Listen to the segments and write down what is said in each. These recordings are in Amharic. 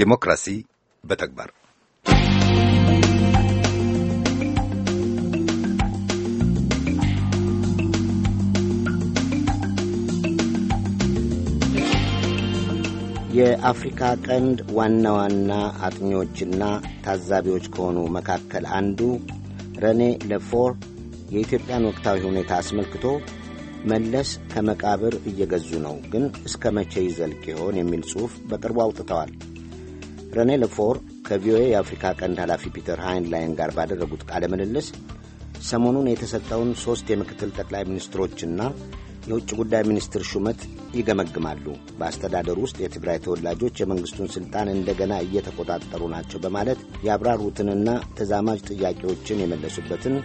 ዴሞክራሲ በተግባር የአፍሪካ ቀንድ ዋና ዋና አጥኚዎችና ታዛቢዎች ከሆኑ መካከል አንዱ ረኔ ለፎር የኢትዮጵያን ወቅታዊ ሁኔታ አስመልክቶ መለስ ከመቃብር እየገዙ ነው፣ ግን እስከ መቼ ይዘልቅ ይሆን የሚል ጽሑፍ በቅርቡ አውጥተዋል። ረኔ ለፎር ከቪኦኤ የአፍሪካ ቀንድ ኃላፊ ፒተር ሃይንላይን ጋር ባደረጉት ቃለ ምልልስ ሰሞኑን የተሰጠውን ሦስት የምክትል ጠቅላይ ሚኒስትሮችና የውጭ ጉዳይ ሚኒስትር ሹመት ይገመግማሉ። በአስተዳደር ውስጥ የትግራይ ተወላጆች የመንግሥቱን ሥልጣን እንደገና እየተቆጣጠሩ ናቸው በማለት ያብራሩትንና ተዛማጅ ጥያቄዎችን የመለሱበትን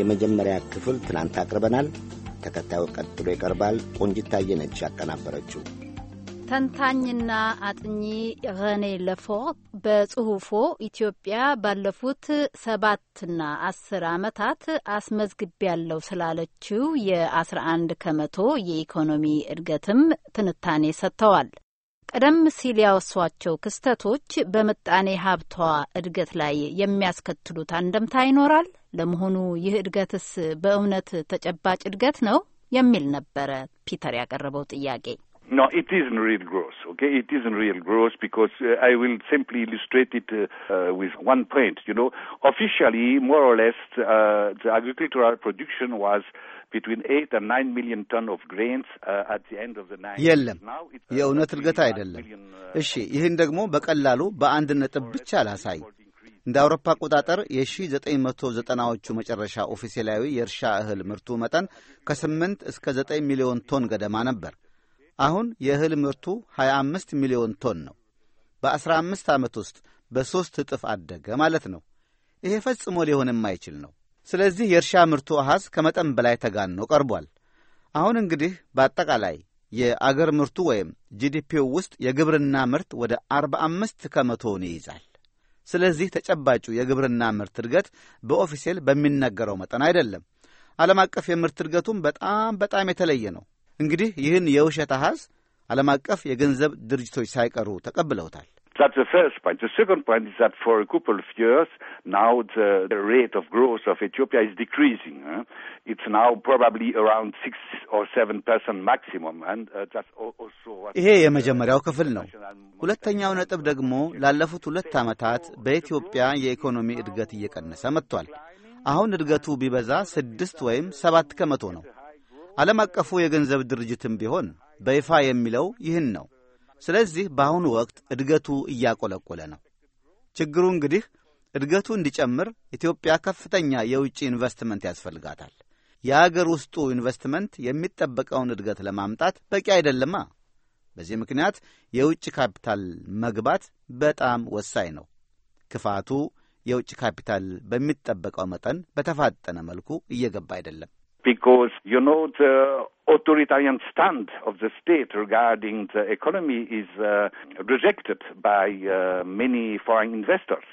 የመጀመሪያ ክፍል ትናንት አቅርበናል። ተከታዩ ቀጥሎ ይቀርባል። ቆንጂት ታየነች ያቀናበረችው። ተንታኝና አጥኚ ረኔ ለፎ በጽሁፎ ኢትዮጵያ ባለፉት ሰባትና አስር ዓመታት አስመዝግቢ ያለው ስላለችው የ11 ከመቶ የኢኮኖሚ እድገትም ትንታኔ ሰጥተዋል። ቀደም ሲል ያወሷቸው ክስተቶች በምጣኔ ሀብቷ እድገት ላይ የሚያስከትሉት አንደምታ ይኖራል። ለመሆኑ ይህ እድገትስ በእውነት ተጨባጭ እድገት ነው? የሚል ነበረ ፒተር ያቀረበው ጥያቄ። No, it isn't real growth. okay? It isn't real growth because uh, I will simply illustrate it uh, uh, with one point. You know, officially, more or less, uh, the agricultural production was between 8 and 9 million ton of grains uh, at the end of the nineties. የለም uh, የእውነት እድገት አይደለም። እሺ፣ ይህን ደግሞ በቀላሉ በአንድ ነጥብ ብቻ ላሳይ። እንደ አውሮፓ አቆጣጠር የ1990ዎቹ መጨረሻ ኦፊሴላዊ የእርሻ እህል ምርቱ መጠን ከ8 እስከ 9 ሚሊዮን ቶን ገደማ ነበር። አሁን የእህል ምርቱ 25 ሚሊዮን ቶን ነው። በ15 ዓመት ውስጥ በሦስት እጥፍ አደገ ማለት ነው። ይሄ ፈጽሞ ሊሆን የማይችል ነው። ስለዚህ የእርሻ ምርቱ አሐዝ ከመጠን በላይ ተጋኖ ቀርቧል። አሁን እንግዲህ በአጠቃላይ የአገር ምርቱ ወይም ጂዲፒው ውስጥ የግብርና ምርት ወደ 45 ከመቶውን ይይዛል። ስለዚህ ተጨባጩ የግብርና ምርት እድገት በኦፊሴል በሚነገረው መጠን አይደለም። ዓለም አቀፍ የምርት እድገቱም በጣም በጣም የተለየ ነው። እንግዲህ ይህን የውሸት አሀዝ ዓለም አቀፍ የገንዘብ ድርጅቶች ሳይቀሩ ተቀብለውታል። ይሄ የመጀመሪያው ክፍል ነው። ሁለተኛው ነጥብ ደግሞ ላለፉት ሁለት ዓመታት በኢትዮጵያ የኢኮኖሚ እድገት እየቀነሰ መጥቷል። አሁን እድገቱ ቢበዛ ስድስት ወይም ሰባት ከመቶ ነው። ዓለም አቀፉ የገንዘብ ድርጅትም ቢሆን በይፋ የሚለው ይህን ነው። ስለዚህ በአሁኑ ወቅት እድገቱ እያቆለቆለ ነው። ችግሩ እንግዲህ እድገቱ እንዲጨምር ኢትዮጵያ ከፍተኛ የውጭ ኢንቨስትመንት ያስፈልጋታል። የአገር ውስጡ ኢንቨስትመንት የሚጠበቀውን እድገት ለማምጣት በቂ አይደለማ። በዚህ ምክንያት የውጭ ካፒታል መግባት በጣም ወሳኝ ነው። ክፋቱ የውጭ ካፒታል በሚጠበቀው መጠን በተፋጠነ መልኩ እየገባ አይደለም። because, you know, the authoritarian stand of the state regarding the economy is uh, rejected by uh, many foreign investors.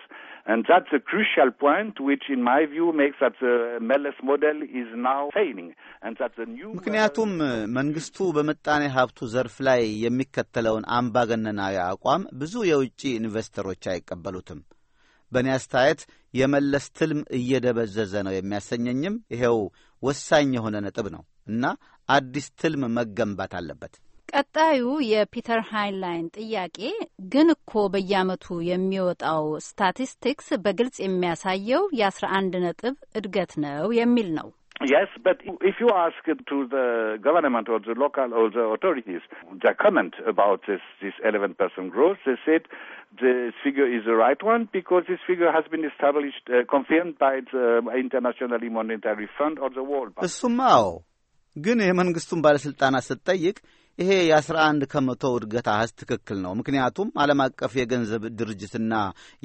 And that's a crucial point, which in my view makes that the መለስ model is now failing and that the new ምክንያቱም መንግስቱ በምጣኔ ሀብቱ ዘርፍ ላይ የሚከተለውን አምባገነናዊ አቋም ብዙ የውጭ ኢንቨስተሮች አይቀበሉትም። በእኔ አስተያየት የመለስ ትልም እየደበዘዘ ነው የሚያሰኘኝም ይኸው ወሳኝ የሆነ ነጥብ ነው እና አዲስ ትልም መገንባት አለበት። ቀጣዩ የፒተር ሃይንላይን ጥያቄ ግን እኮ በየአመቱ የሚወጣው ስታቲስቲክስ በግልጽ የሚያሳየው የአስራ አንድ ነጥብ እድገት ነው የሚል ነው። Yes, but if you ask to the government or the local or the authorities their comment about this, this 11% growth, they said this figure is the right one because this figure has been established, uh, confirmed by the International Monetary Fund or the World Bank. እሱማ አዎ፣ ግን የመንግስቱን ባለስልጣናት ስትጠይቅ ይሄ የ11 ከመቶ እድገት አህዝ ትክክል ነው። ምክንያቱም ዓለም አቀፍ የገንዘብ ድርጅትና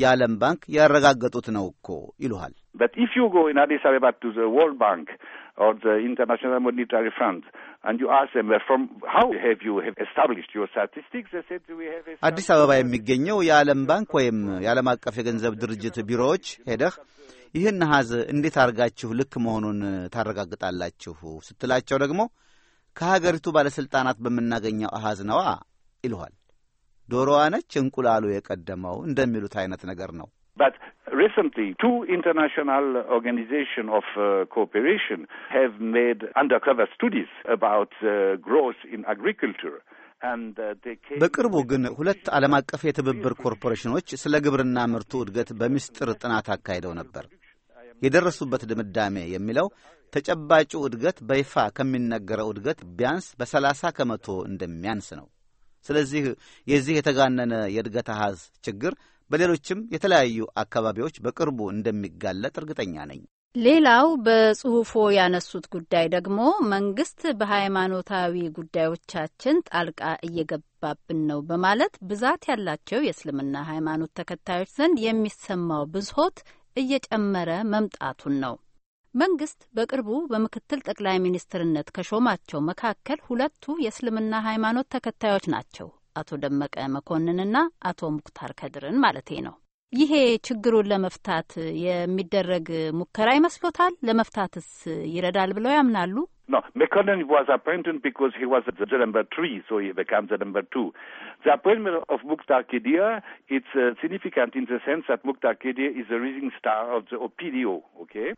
የዓለም ባንክ ያረጋገጡት ነው እኮ ይሉሃል። በት ኢፍ ዩ ጎ ኢን አዲስ አበባ ቱ ዘ ወርልድ ባንክ ኦር ዘ ኢንተርናሽናል ሞኔታሪ ፈንድ አዲስ አበባ የሚገኘው የዓለም ባንክ ወይም የዓለም አቀፍ የገንዘብ ድርጅት ቢሮዎች ሄደህ ይህን አሃዝ እንዴት አድርጋችሁ ልክ መሆኑን ታረጋግጣላችሁ ስትላቸው ደግሞ ከሀገሪቱ ባለሥልጣናት በምናገኘው አሐዝ ነዋ ይልኋል። ዶሮዋ ነች እንቁላሉ የቀደመው እንደሚሉት አይነት ነገር ነው። But recently, two international organizations of uh, cooperation have made undercover studies about uh, growth in agriculture. Uh, በቅርቡ ግን ሁለት ዓለም አቀፍ የትብብር ኮርፖሬሽኖች ስለ ግብርና ምርቱ እድገት በምስጢር ጥናት አካሂደው ነበር። የደረሱበት ድምዳሜ የሚለው ተጨባጩ እድገት በይፋ ከሚነገረው እድገት ቢያንስ በሰላሳ ከመቶ እንደሚያንስ ነው። ስለዚህ የዚህ የተጋነነ የእድገት አሃዝ ችግር በሌሎችም የተለያዩ አካባቢዎች በቅርቡ እንደሚጋለጥ እርግጠኛ ነኝ። ሌላው በጽሁፎ ያነሱት ጉዳይ ደግሞ መንግስት በሃይማኖታዊ ጉዳዮቻችን ጣልቃ እየገባብን ነው በማለት ብዛት ያላቸው የእስልምና ሃይማኖት ተከታዮች ዘንድ የሚሰማው ብዝሆት እየጨመረ መምጣቱን ነው። መንግስት በቅርቡ በምክትል ጠቅላይ ሚኒስትርነት ከሾማቸው መካከል ሁለቱ የእስልምና ሃይማኖት ተከታዮች ናቸው። አቶ ደመቀ መኮንንና አቶ ሙክታር ከድርን ማለቴ ነው። ይሄ ችግሩን ለመፍታት የሚደረግ ሙከራ ይመስሎታል? ለመፍታትስ ይረዳል ብለው ያምናሉ? No, McConnell was appointed because he was the number three, so he becomes the number two. The appointment of Mukhtar Kedir is uh, significant in the sense that Mukhtar Kedir is the rising star of the OPDO, okay?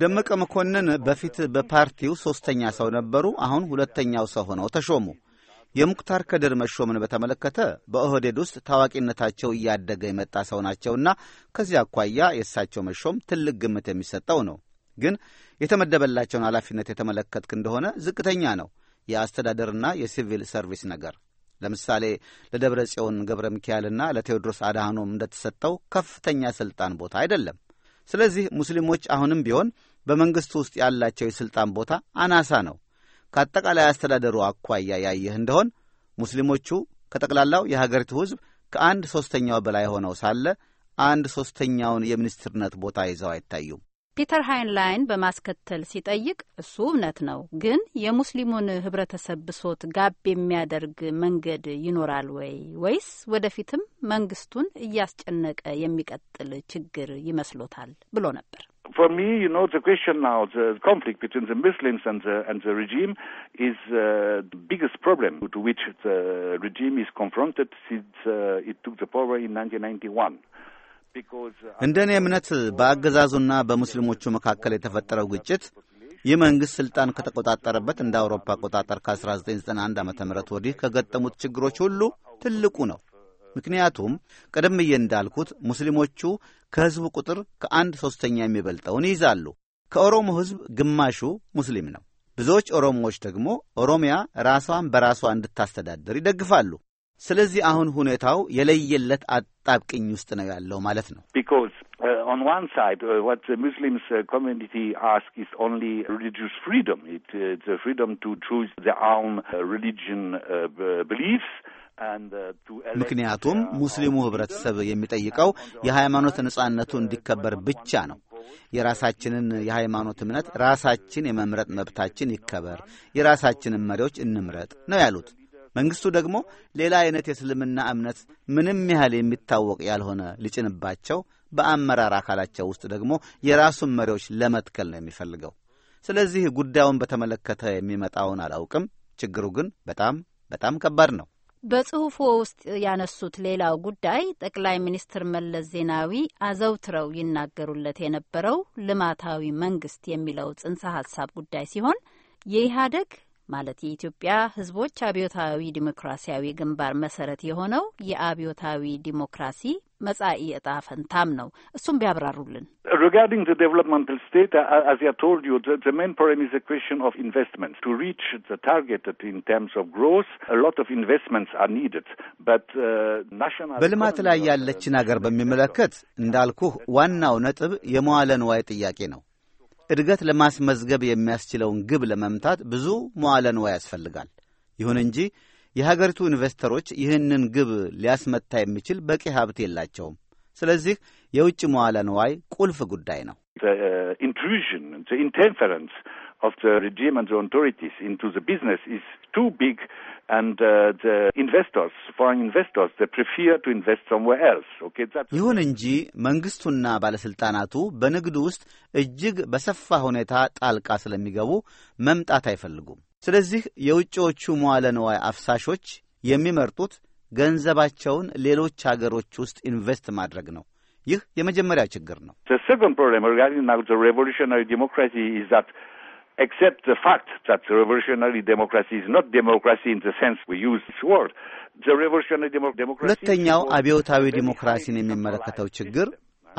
ደመቀ መኮንን በፊት በፓርቲው ሶስተኛ ሰው ነበሩ። አሁን ሁለተኛው ሰው ሆነው ተሾሙ። የሙክታር ከድር መሾምን በተመለከተ በኦህዴድ ውስጥ ታዋቂነታቸው እያደገ የመጣ ሰው ናቸውና ከዚህ አኳያ የእሳቸው መሾም ትልቅ ግምት የሚሰጠው ነው። ግን የተመደበላቸውን ኃላፊነት የተመለከትክ እንደሆነ ዝቅተኛ ነው። የአስተዳደርና የሲቪል ሰርቪስ ነገር ለምሳሌ ለደብረ ጽዮን ገብረ ሚካኤልና ለቴዎድሮስ አድሃኖም እንደተሰጠው ከፍተኛ ሥልጣን ቦታ አይደለም። ስለዚህ ሙስሊሞች አሁንም ቢሆን በመንግሥቱ ውስጥ ያላቸው የሥልጣን ቦታ አናሳ ነው። ከአጠቃላይ አስተዳደሩ አኳያ ያየህ እንደሆን ሙስሊሞቹ ከጠቅላላው የሀገሪቱ ሕዝብ ከአንድ ሦስተኛው በላይ ሆነው ሳለ አንድ ሦስተኛውን የሚኒስትርነት ቦታ ይዘው አይታዩም። ፒተር ሃይንላይን በማስከተል ሲጠይቅ እሱ እውነት ነው፣ ግን የሙስሊሙን ህብረተሰብ ብሶት ጋብ የሚያደርግ መንገድ ይኖራል ወይ? ወይስ ወደፊትም መንግስቱን እያስጨነቀ የሚቀጥል ችግር ይመስሎታል? ብሎ ነበር። for me, you know, the question now, the conflict between the Muslims and the, and the regime is uh, the biggest problem to which the regime is confronted since uh, it took the power in 1991. እንደ እኔ እምነት በአገዛዙና በሙስሊሞቹ መካከል የተፈጠረው ግጭት ይህ መንግሥት ሥልጣን ከተቆጣጠረበት እንደ አውሮፓ አቆጣጠር ከ1991 ዓ ም ወዲህ ከገጠሙት ችግሮች ሁሉ ትልቁ ነው። ምክንያቱም ቀደምዬ እንዳልኩት ሙስሊሞቹ ከሕዝቡ ቁጥር ከአንድ ሦስተኛ የሚበልጠውን ይይዛሉ። ከኦሮሞ ሕዝብ ግማሹ ሙስሊም ነው። ብዙዎች ኦሮሞዎች ደግሞ ኦሮሚያ ራሷን በራሷ እንድታስተዳድር ይደግፋሉ። ስለዚህ አሁን ሁኔታው የለየለት አጣብቅኝ ውስጥ ነው ያለው ማለት ነው። uh, on one side, uh, what the Muslims uh, community ask is only religious freedom. It, uh, the freedom to choose ምክንያቱም ሙስሊሙ ህብረተሰብ የሚጠይቀው uh, የሃይማኖት uh, ነጻነቱ እንዲከበር ብቻ ነው። የራሳችንን የሃይማኖት እምነት ራሳችን የመምረጥ መብታችን ይከበር፣ የራሳችንን መሪዎች እንምረጥ ነው ያሉት። መንግስቱ ደግሞ ሌላ አይነት የእስልምና እምነት ምንም ያህል የሚታወቅ ያልሆነ ሊጭንባቸው፣ በአመራር አካላቸው ውስጥ ደግሞ የራሱን መሪዎች ለመትከል ነው የሚፈልገው። ስለዚህ ጉዳዩን በተመለከተ የሚመጣውን አላውቅም። ችግሩ ግን በጣም በጣም ከባድ ነው። በጽሁፉ ውስጥ ያነሱት ሌላው ጉዳይ ጠቅላይ ሚኒስትር መለስ ዜናዊ አዘውትረው ይናገሩለት የነበረው ልማታዊ መንግስት የሚለው ጽንሰ ሀሳብ ጉዳይ ሲሆን የኢህአዴግ ማለት የኢትዮጵያ ህዝቦች አብዮታዊ ዲሞክራሲያዊ ግንባር መሰረት የሆነው የአብዮታዊ ዲሞክራሲ መጻኢ እጣ ፈንታም ነው። እሱም ቢያብራሩልን። ሪጋርዲንግ ዘ ዴቨሎፕመንታል ስቴት አዝ አይ ቶልድ ዩ ዘ ሜን ፕሮብለም ኢዝ ዘ ኩዌስቸን ኦፍ ኢንቨስትመንት ቱ ሪች ዘ ታርጌት ኢን ተርምስ ኦፍ ግሮዝ አ ሎት ኦፍ ኢንቨስትመንትስ አር ኒድድ በት ናሽናል በልማት ላይ ያለችን አገር በሚመለከት እንዳልኩህ ዋናው ነጥብ የመዋለ ንዋይ ጥያቄ ነው። እድገት ለማስመዝገብ የሚያስችለውን ግብ ለመምታት ብዙ መዋለ ንዋይ ያስፈልጋል። ይሁን እንጂ የሀገሪቱ ኢንቨስተሮች ይህንን ግብ ሊያስመታ የሚችል በቂ ሀብት የላቸውም። ስለዚህ የውጭ መዋለ ንዋይ ቁልፍ ጉዳይ ነው። ኢንትሩዥን ኢንተርፈረንስ uh, of the regime and the authorities into the business is too big, and uh, the investors, foreign investors, they prefer to invest somewhere else. Okay, that's ይሁን እንጂ መንግስቱና ባለስልጣናቱ በንግዱ ውስጥ እጅግ በሰፋ ሁኔታ ጣልቃ ስለሚገቡ መምጣት አይፈልጉም። ስለዚህ የውጭዎቹ መዋለ ንዋይ አፍሳሾች የሚመርጡት ገንዘባቸውን ሌሎች አገሮች ውስጥ ኢንቨስት ማድረግ ነው። ይህ የመጀመሪያ ችግር ነው። accept the fact that the revolutionary democracy is not democracy in the sense we use this word. The revolutionary democracy ሁለተኛው አብዮታዊ ዲሞክራሲን የሚመለከተው ችግር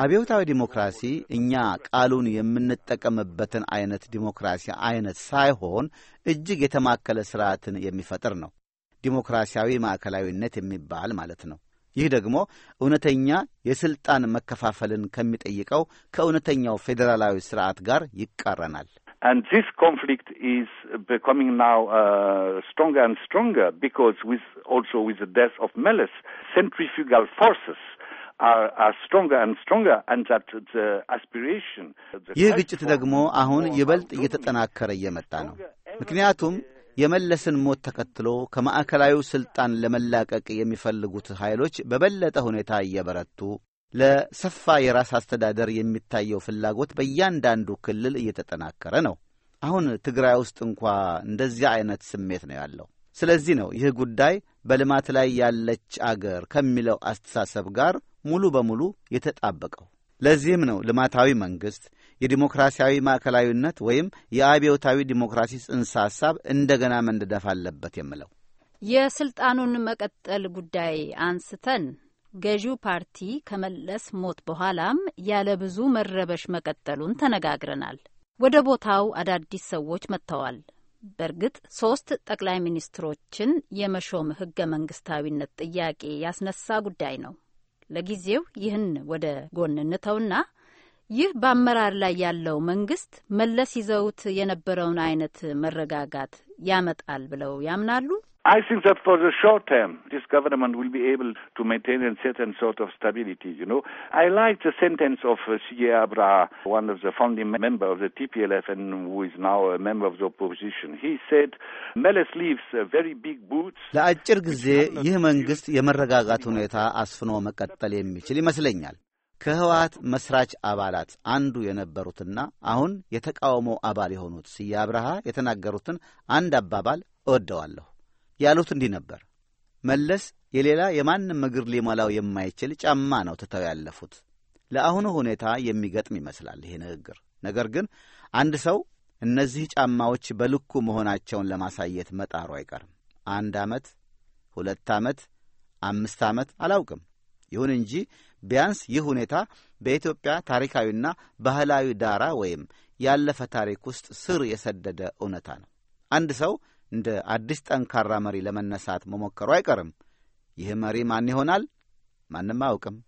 አብዮታዊ ዲሞክራሲ እኛ ቃሉን የምንጠቀምበትን አይነት ዲሞክራሲ አይነት ሳይሆን እጅግ የተማከለ ስርዓትን የሚፈጥር ነው። ዲሞክራሲያዊ ማዕከላዊነት የሚባል ማለት ነው። ይህ ደግሞ እውነተኛ የሥልጣን መከፋፈልን ከሚጠይቀው ከእውነተኛው ፌዴራላዊ ስርዓት ጋር ይቃረናል። And this conflict is becoming now uh, stronger and stronger because with also with the death of Meles, centrifugal forces ይህ ግጭት ደግሞ አሁን ይበልጥ እየተጠናከረ እየመጣ ነው። ምክንያቱም የመለስን ሞት ተከትሎ ከማዕከላዊው ሥልጣን ለመላቀቅ የሚፈልጉት ኃይሎች በበለጠ ሁኔታ እየበረቱ ለሰፋ የራስ አስተዳደር የሚታየው ፍላጎት በእያንዳንዱ ክልል እየተጠናከረ ነው። አሁን ትግራይ ውስጥ እንኳ እንደዚያ አይነት ስሜት ነው ያለው። ስለዚህ ነው ይህ ጉዳይ በልማት ላይ ያለች አገር ከሚለው አስተሳሰብ ጋር ሙሉ በሙሉ የተጣበቀው። ለዚህም ነው ልማታዊ መንግሥት የዲሞክራሲያዊ ማዕከላዊነት ወይም የአብዮታዊ ዲሞክራሲ ጽንሰ ሐሳብ እንደገና መንደዳፍ አለበት የምለው። የስልጣኑን መቀጠል ጉዳይ አንስተን ገዢው ፓርቲ ከመለስ ሞት በኋላም ያለ ብዙ መረበሽ መቀጠሉን ተነጋግረናል። ወደ ቦታው አዳዲስ ሰዎች መጥተዋል። በእርግጥ ሶስት ጠቅላይ ሚኒስትሮችን የመሾም ህገ መንግስታዊነት ጥያቄ ያስነሳ ጉዳይ ነው። ለጊዜው ይህን ወደ ጎን እንተውና ይህ በአመራር ላይ ያለው መንግስት መለስ ይዘውት የነበረውን አይነት መረጋጋት ያመጣል ብለው ያምናሉ? I think that for the short term, this government will be able to maintain a certain sort of stability, you know. I like the sentence of uh, C.A. Abra, one of the founding members of the TPLF and who is now a member of the opposition. He said, Meles leaves uh, very big boots. ለአጭር ጊዜ ይህ መንግስት የመረጋጋት ሁኔታ አስፍኖ መቀጠል የሚችል ይመስለኛል። ከህወሓት መስራች አባላት አንዱ የነበሩትና አሁን የተቃውሞ አባል የሆኑት ስዬ አብርሃ የተናገሩትን አንድ አባባል እወደዋለሁ። ያሉት እንዲህ ነበር። መለስ የሌላ የማንም እግር ሊሞላው የማይችል ጫማ ነው ትተው ያለፉት። ለአሁኑ ሁኔታ የሚገጥም ይመስላል ይሄ ንግግር። ነገር ግን አንድ ሰው እነዚህ ጫማዎች በልኩ መሆናቸውን ለማሳየት መጣሩ አይቀርም። አንድ ዓመት፣ ሁለት ዓመት፣ አምስት ዓመት አላውቅም። ይሁን እንጂ ቢያንስ ይህ ሁኔታ በኢትዮጵያ ታሪካዊና ባህላዊ ዳራ ወይም ያለፈ ታሪክ ውስጥ ስር የሰደደ እውነታ ነው። አንድ ሰው እንደ አዲስ ጠንካራ መሪ ለመነሳት መሞከሩ አይቀርም። ይህ መሪ ማን ይሆናል? ማንም አያውቅም።